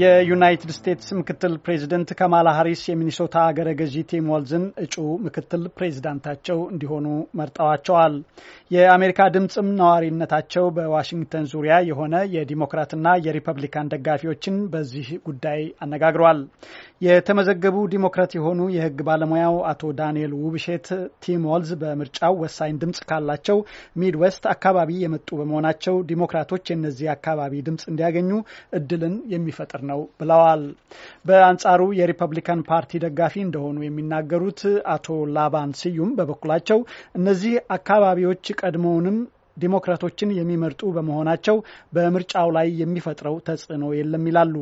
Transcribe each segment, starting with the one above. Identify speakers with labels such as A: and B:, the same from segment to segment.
A: የዩናይትድ ስቴትስ ምክትል ፕሬዚደንት ካማላ ሀሪስ የሚኒሶታ አገረ ገዢ ቲም ዋልዝን እጩ ምክትል ፕሬዚዳንታቸው እንዲሆኑ መርጠዋቸዋል። የአሜሪካ ድምፅም ነዋሪነታቸው በዋሽንግተን ዙሪያ የሆነ የዲሞክራትና የሪፐብሊካን ደጋፊዎችን በዚህ ጉዳይ አነጋግሯል። የተመዘገቡ ዲሞክራት የሆኑ የሕግ ባለሙያው አቶ ዳንኤል ውብሼት ቲም ዋልዝ በምርጫው ወሳኝ ድምፅ ካላቸው ሚድዌስት አካባቢ የመጡ በመሆናቸው ዲሞክራቶች የእነዚህ አካባቢ ድምፅ እንዲያገኙ እድልን የሚፈጥር ነው ብለዋል። በአንጻሩ የሪፐብሊካን ፓርቲ ደጋፊ እንደሆኑ የሚናገሩት አቶ ላባን ስዩም በበኩላቸው እነዚህ አካባቢዎች ቀድሞውንም ዲሞክራቶችን የሚመርጡ በመሆናቸው በምርጫው ላይ የሚፈጥረው ተጽዕኖ የለም ይላሉ።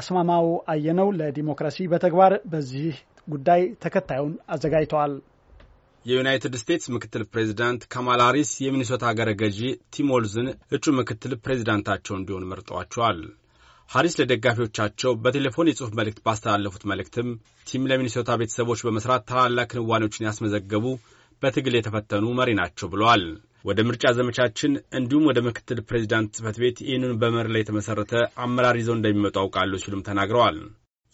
A: አስማማው አየነው ለዲሞክራሲ በተግባር በዚህ ጉዳይ ተከታዩን አዘጋጅተዋል።
B: የዩናይትድ ስቴትስ ምክትል ፕሬዚዳንት ካማላ ሃሪስ የሚኒሶታ አገረ ገዢ ቲም ዋልዝን እጩ ምክትል ፕሬዚዳንታቸው እንዲሆን መርጠዋቸዋል። ሐሪስ ለደጋፊዎቻቸው በቴሌፎን የጽሑፍ መልእክት ባስተላለፉት መልእክትም ቲም ለሚኒሶታ ቤተሰቦች በመስራት ታላላቅ ክንዋኔዎችን ያስመዘገቡ በትግል የተፈተኑ መሪ ናቸው ብለዋል። ወደ ምርጫ ዘመቻችን እንዲሁም ወደ ምክትል ፕሬዚዳንት ጽፈት ቤት ይህንን በመር ላይ የተመሠረተ አመራር ይዘው እንደሚመጡ አውቃሉ ሲሉም ተናግረዋል።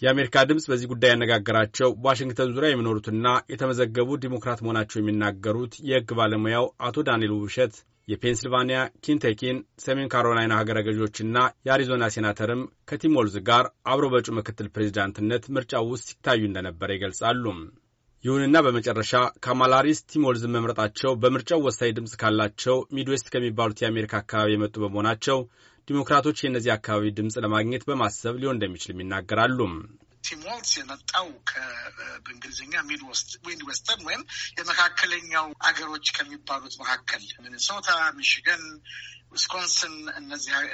B: የአሜሪካ ድምፅ በዚህ ጉዳይ ያነጋገራቸው ዋሽንግተን ዙሪያ የሚኖሩትና የተመዘገቡ ዲሞክራት መሆናቸው የሚናገሩት የሕግ ባለሙያው አቶ ዳንኤል ውብሸት የፔንስልቫኒያ ኪንቴኪን፣ ሰሜን ካሮላይና ሀገረ ገዢዎችና የአሪዞና ሴናተርም ከቲም ወልዝ ጋር አብሮ በጩ ምክትል ፕሬዚዳንትነት ምርጫው ውስጥ ሲታዩ እንደነበረ ይገልጻሉ። ይሁንና በመጨረሻ ካማላ ሃሪስ ቲም መምረጣቸው በምርጫው ወሳኝ ድምፅ ካላቸው ሚድዌስት ከሚባሉት የአሜሪካ አካባቢ የመጡ በመሆናቸው ዲሞክራቶች የእነዚህ አካባቢ ድምፅ ለማግኘት በማሰብ ሊሆን እንደሚችልም ይናገራሉ።
A: ቲሞልስ የመጣው በእንግሊዝኛ ሚድ ዌስተርን ወይም የመካከለኛው አገሮች ከሚባሉት መካከል ሚኒሶታ፣ ሚሽገን፣ ዊስኮንስን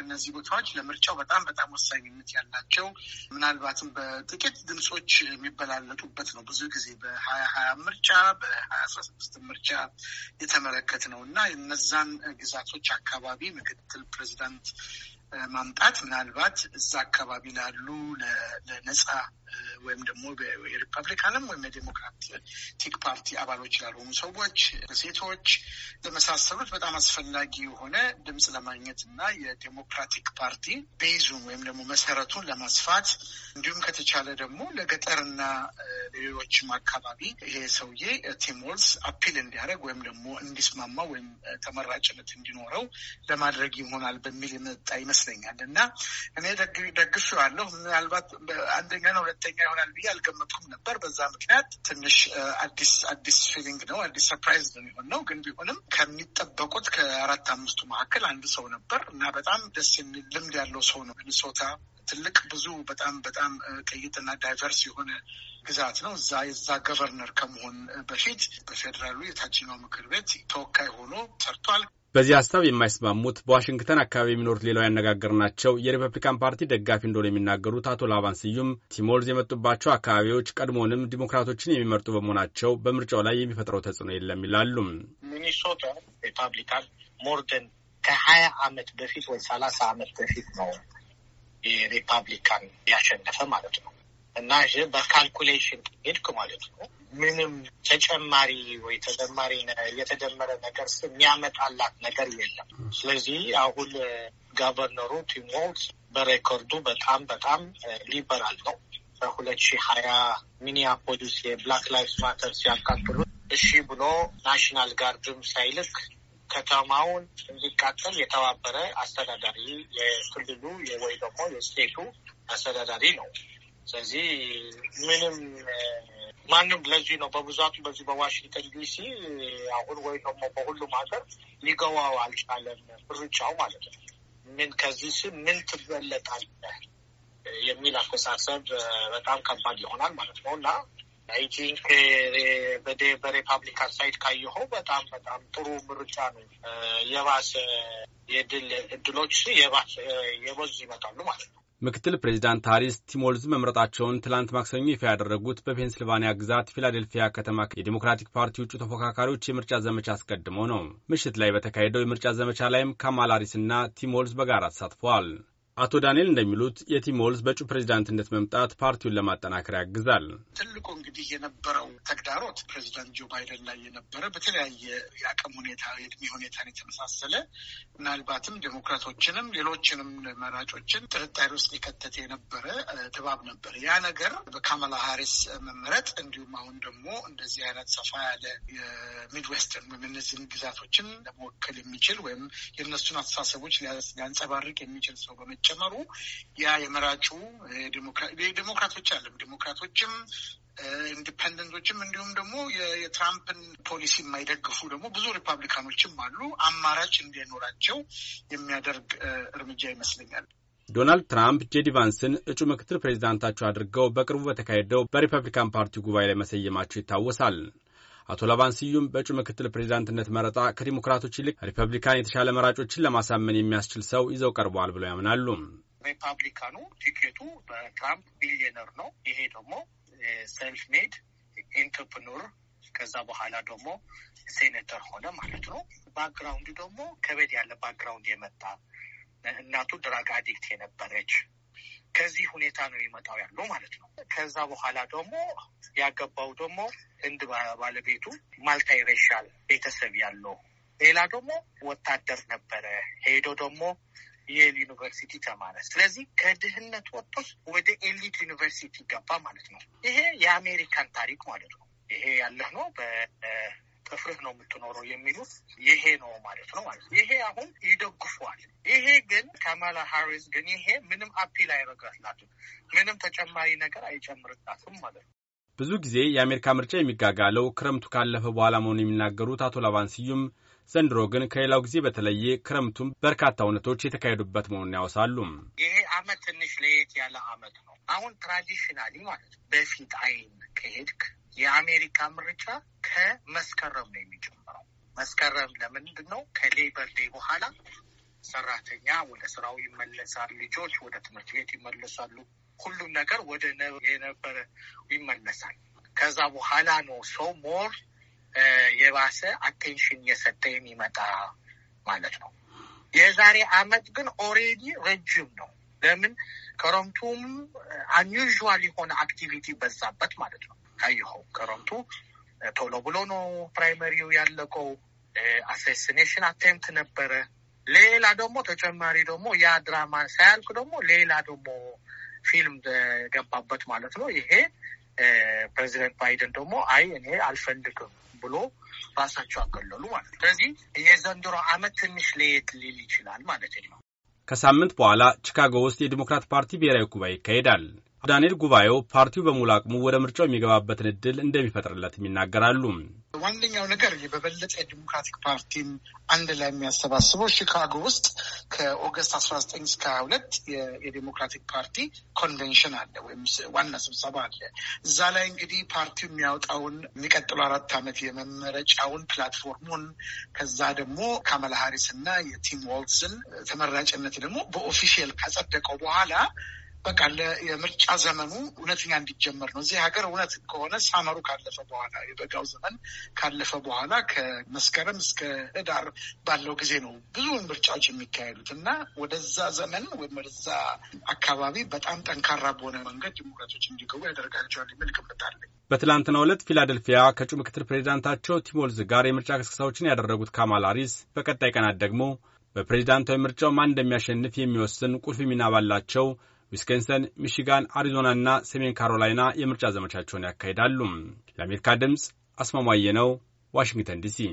A: እነዚህ ቦታዎች ለምርጫው በጣም በጣም ወሳኝነት ያላቸው ምናልባትም በጥቂት ድምፆች የሚበላለጡበት ነው። ብዙ ጊዜ በሀያ ሀያ ምርጫ በሀያ አስራ ስድስት ምርጫ የተመለከት ነው እና የነዛን ግዛቶች አካባቢ ምክትል ፕሬዚዳንት ማምጣት ምናልባት እዛ አካባቢ ላሉ ለነጻ ወይም ደግሞ የሪፐብሊካንም ወይም የዴሞክራቲክ ፓርቲ አባሎች ላልሆኑ ሰዎች፣ ሴቶች ለመሳሰሉት በጣም አስፈላጊ የሆነ ድምፅ ለማግኘት እና የዴሞክራቲክ ፓርቲ ቤዙን ወይም ደግሞ መሰረቱን ለማስፋት እንዲሁም ከተቻለ ደግሞ ለገጠርና ሌሎችም አካባቢ ይሄ ሰውዬ ቲሞልስ አፒል እንዲያደርግ ወይም ደግሞ እንዲስማማ ወይም ተመራጭነት እንዲኖረው ለማድረግ ይሆናል በሚል የመጣ ይመስላል። ይመስለኛል እና እኔ ደግፌዋለሁ። ምናልባት አንደኛና ሁለተኛ ይሆናል ብዬ አልገመትኩም ነበር። በዛ ምክንያት ትንሽ አዲስ አዲስ ፊሊንግ ነው፣ አዲስ ሰርፕራይዝ ነው ነው። ግን ቢሆንም ከሚጠበቁት ከአራት አምስቱ መካከል አንድ ሰው ነበር እና በጣም ደስ የሚል ልምድ ያለው ሰው ነው። ሚኒሶታ ትልቅ ብዙ በጣም በጣም ቅይጥና ዳይቨርስ የሆነ ግዛት ነው። እዛ የዛ ገቨርነር ከመሆን በፊት በፌዴራሉ የታችኛው ምክር ቤት ተወካይ ሆኖ ሰርቷል።
B: በዚህ ሀሳብ የማይስማሙት በዋሽንግተን አካባቢ የሚኖሩት ሌላው ያነጋገርናቸው የሪፐብሊካን ፓርቲ ደጋፊ እንደሆነ የሚናገሩት አቶ ላባን ስዩም ቲሞልዝ የመጡባቸው አካባቢዎች ቀድሞውንም ዲሞክራቶችን የሚመርጡ በመሆናቸው በምርጫው ላይ የሚፈጥረው ተጽዕኖ የለም ይላሉም።
C: ሚኒሶታ ሪፐብሊካን ሞርደን ከሀያ አመት በፊት ወይ ሰላሳ አመት በፊት ነው የሪፐብሊካን ያሸነፈ ማለት ነው። እና በካልኩሌሽን ሄድክ ማለት ነው። ምንም ተጨማሪ ወይ ተጨማሪ የተደመረ ነገር የሚያመጣላት ነገር የለም። ስለዚህ አሁን ጋቨርነሩ ቲሞት በሬኮርዱ በጣም በጣም ሊበራል ነው። በሁለት ሺህ ሀያ ሚኒያፖሊስ የብላክ ላይፍ ማተር ሲያቃጥሉ እሺ ብሎ ናሽናል ጋርድም ሳይልክ ከተማውን እንዲቃጠል የተባበረ አስተዳዳሪ የክልሉ ወይ ደግሞ የስቴቱ አስተዳዳሪ ነው ስለዚህ ምንም ማንም ለዚህ ነው በብዛቱ በዚህ በዋሽንግተን ዲሲ አሁን ወይ ደግሞ በሁሉም ሀገር ሊገባው አልቻለም ሩጫው ማለት ነው። ምን ከዚህ ስ ምን ትበለጣለ የሚል አስተሳሰብ በጣም ከባድ ይሆናል ማለት ነው እና አይ ቲንክ ሳይድ ካየኸው በጣም በጣም ጥሩ ምርጫ ነው። የባሰ የድል እድሎች የባሰ የበዙ ይመጣሉ ማለት
B: ነው። ምክትል ፕሬዚዳንት ሃሪስ ቲሞልዝ መምረጣቸውን ትላንት ማክሰኞ ይፋ ያደረጉት በፔንስልቫኒያ ግዛት ፊላዴልፊያ ከተማ የዴሞክራቲክ ፓርቲ ውጭ ተፎካካሪዎች የምርጫ ዘመቻ አስቀድሞ ነው። ምሽት ላይ በተካሄደው የምርጫ ዘመቻ ላይም ካማላ ሃሪስና ቲሞልዝ በጋራ ተሳትፈዋል። አቶ ዳንኤል እንደሚሉት የቲሞልስ ዎልዝ በእጩ ፕሬዚዳንትነት መምጣት ፓርቲውን ለማጠናከር ያግዛል።
A: ትልቁ እንግዲህ የነበረው ተግዳሮት ፕሬዚዳንት ጆ ባይደን ላይ የነበረ በተለያየ የአቅም ሁኔታ፣ የእድሜ ሁኔታን የተመሳሰለ ምናልባትም ዴሞክራቶችንም ሌሎችንም መራጮችን ጥርጣሬ ውስጥ የከተተ የነበረ ድባብ ነበር። ያ ነገር በካማላ ሀሪስ መመረጥ እንዲሁም አሁን ደግሞ እንደዚህ አይነት ሰፋ ያለ የሚድዌስተርን ወይም እነዚህን ግዛቶችን ለመወከል የሚችል ወይም የእነሱን አስተሳሰቦች ሊያንጸባርቅ የሚችል ሰው በመ መጨመሩ ያ የመራጩ ዴሞክራቶች አለም ዴሞክራቶችም ኢንዲፐንደንቶችም እንዲሁም ደግሞ የትራምፕን ፖሊሲ የማይደግፉ ደግሞ ብዙ ሪፐብሊካኖችም አሉ። አማራጭ እንዲኖራቸው የሚያደርግ እርምጃ ይመስለኛል።
B: ዶናልድ ትራምፕ ጄዲ ቫንስን እጩ ምክትል ፕሬዚዳንታቸው አድርገው በቅርቡ በተካሄደው በሪፐብሊካን ፓርቲ ጉባኤ ላይ መሰየማቸው ይታወሳል። አቶ ለባን ስዩም በእጩ ምክትል ፕሬዚዳንትነት መረጣ ከዲሞክራቶች ይልቅ ሪፐብሊካን የተሻለ መራጮችን ለማሳመን የሚያስችል ሰው ይዘው ቀርበዋል ብለው ያምናሉ። ሪፐብሊካኑ
C: ቲኬቱ በትራምፕ ቢሊዮነር ነው። ይሄ ደግሞ ሰልፍ ሜድ ኢንትርፕኑር ከዛ በኋላ ደግሞ ሴኔተር ሆነ ማለት ነው። ባክግራውንድ ደግሞ ከበድ ያለ ባክግራውንድ የመጣ እናቱ ድራግ አዲክት የነበረች ከዚህ ሁኔታ ነው ይመጣው ያለው ማለት ነው። ከዛ በኋላ ደግሞ ያገባው ደግሞ ህንድ ባለቤቱ ማልታይ ሬሻል ቤተሰብ ያለው ሌላ ደግሞ ወታደር ነበረ። ሄዶ ደግሞ የል ዩኒቨርሲቲ ተማረ። ስለዚህ ከድህነት ወጥቶ ወደ ኤሊት ዩኒቨርሲቲ ገባ ማለት ነው። ይሄ የአሜሪካን ታሪክ ማለት ነው። ይሄ ያለህ ነው በ በፍርድ ነው የምትኖረው የሚሉት ይሄ ነው ማለት ነው ማለት ነው። ይሄ አሁን ይደግፏል። ይሄ ግን ካማላ ሃሪስ ግን ይሄ ምንም አፒል አይረግላትም፣ ምንም ተጨማሪ ነገር አይጨምርላትም ማለት ነው።
B: ብዙ ጊዜ የአሜሪካ ምርጫ የሚጋጋለው ክረምቱ ካለፈ በኋላ መሆኑን የሚናገሩት አቶ ላባን ስዩም ዘንድሮ ግን ከሌላው ጊዜ በተለየ ክረምቱም በርካታ እውነቶች የተካሄዱበት መሆኑን ያወሳሉ።
C: ይሄ አመት ትንሽ ለየት ያለ አመት ነው። አሁን ትራዲሽናሊ ማለት በፊት አይን ከሄድክ የአሜሪካ ምርጫ ከመስከረም ነው የሚጀምረው። መስከረም ለምንድን ነው? ከሌበር ዴይ በኋላ ሰራተኛ ወደ ስራው ይመለሳል። ልጆች ወደ ትምህርት ቤት ይመለሳሉ። ሁሉም ነገር ወደ የነበረ ይመለሳል። ከዛ በኋላ ነው ሰው ሞር የባሰ አቴንሽን እየሰጠ የሚመጣ ማለት ነው። የዛሬ አመት ግን ኦሬዲ ረጅም ነው። ለምን? ክረምቱም አንዩዥዋል የሆነ አክቲቪቲ በዛበት ማለት ነው። እንዳየኸው ክረምቱ ቶሎ ብሎ ነው ፕራይመሪው ያለቀው። አሴሲኔሽን አቴምፕት ነበረ። ሌላ ደግሞ ተጨማሪ ደግሞ ያ ድራማ ሳያልቅ ደግሞ ሌላ ደግሞ ፊልም ገባበት ማለት ነው። ይሄ ፕሬዚደንት ባይደን ደግሞ አይ እኔ አልፈልግም ብሎ ራሳቸው አገለሉ ማለት ነው። ስለዚህ የዘንድሮ አመት ትንሽ
B: ለየት ሊል ይችላል ማለት ነው። ከሳምንት በኋላ ቺካጎ ውስጥ የዲሞክራት ፓርቲ ብሔራዊ ጉባኤ ይካሄዳል። ዳንኤል ጉባኤው ፓርቲው በሙሉ አቅሙ ወደ ምርጫው የሚገባበትን እድል እንደሚፈጥርለትም ይናገራሉ።
A: ዋነኛው ነገር በበለጠ ዲሞክራቲክ ፓርቲን አንድ ላይ የሚያሰባስበው ሺካጎ ውስጥ ከኦገስት አስራ ዘጠኝ እስከ ሀያ ሁለት የዲሞክራቲክ ፓርቲ ኮንቬንሽን አለ ወይም ዋና ስብሰባ አለ። እዛ ላይ እንግዲህ ፓርቲው የሚያወጣውን የሚቀጥሉ አራት ዓመት የመመረጫውን ፕላትፎርሙን ከዛ ደግሞ ካመላ ሀሪስ እና የቲም ዋልትስን ተመራጭነት ደግሞ በኦፊሽል ካጸደቀው በኋላ በቃ የምርጫ ዘመኑ እውነተኛ እንዲጀመር ነው። እዚህ ሀገር እውነት ከሆነ ሳመሩ ካለፈ በኋላ የበጋው ዘመን ካለፈ በኋላ ከመስከረም እስከ ህዳር ባለው ጊዜ ነው ብዙ ምርጫዎች የሚካሄዱት እና ወደዛ ዘመን ወይም ወደዛ አካባቢ በጣም ጠንካራ በሆነ መንገድ ዲሞክራቶች እንዲገቡ ያደርጋቸዋል የሚል ግምት
B: አለኝ። በትላንትናው ዕለት ፊላደልፊያ ከእጩ ምክትል ፕሬዚዳንታቸው ቲሞልዝ ጋር የምርጫ ቅስቀሳዎችን ያደረጉት ካማል ሃሪስ በቀጣይ ቀናት ደግሞ በፕሬዚዳንታዊ ምርጫው ማን እንደሚያሸንፍ የሚወስን ቁልፍ ሚና ባላቸው ዊስከንሰን፣ ሚሽጋን፣ አሪዞና እና ሰሜን ካሮላይና የምርጫ ዘመቻቸውን ያካሂዳሉ። ለአሜሪካ ድምፅ አስማማየ ነው፣ ዋሽንግተን ዲሲ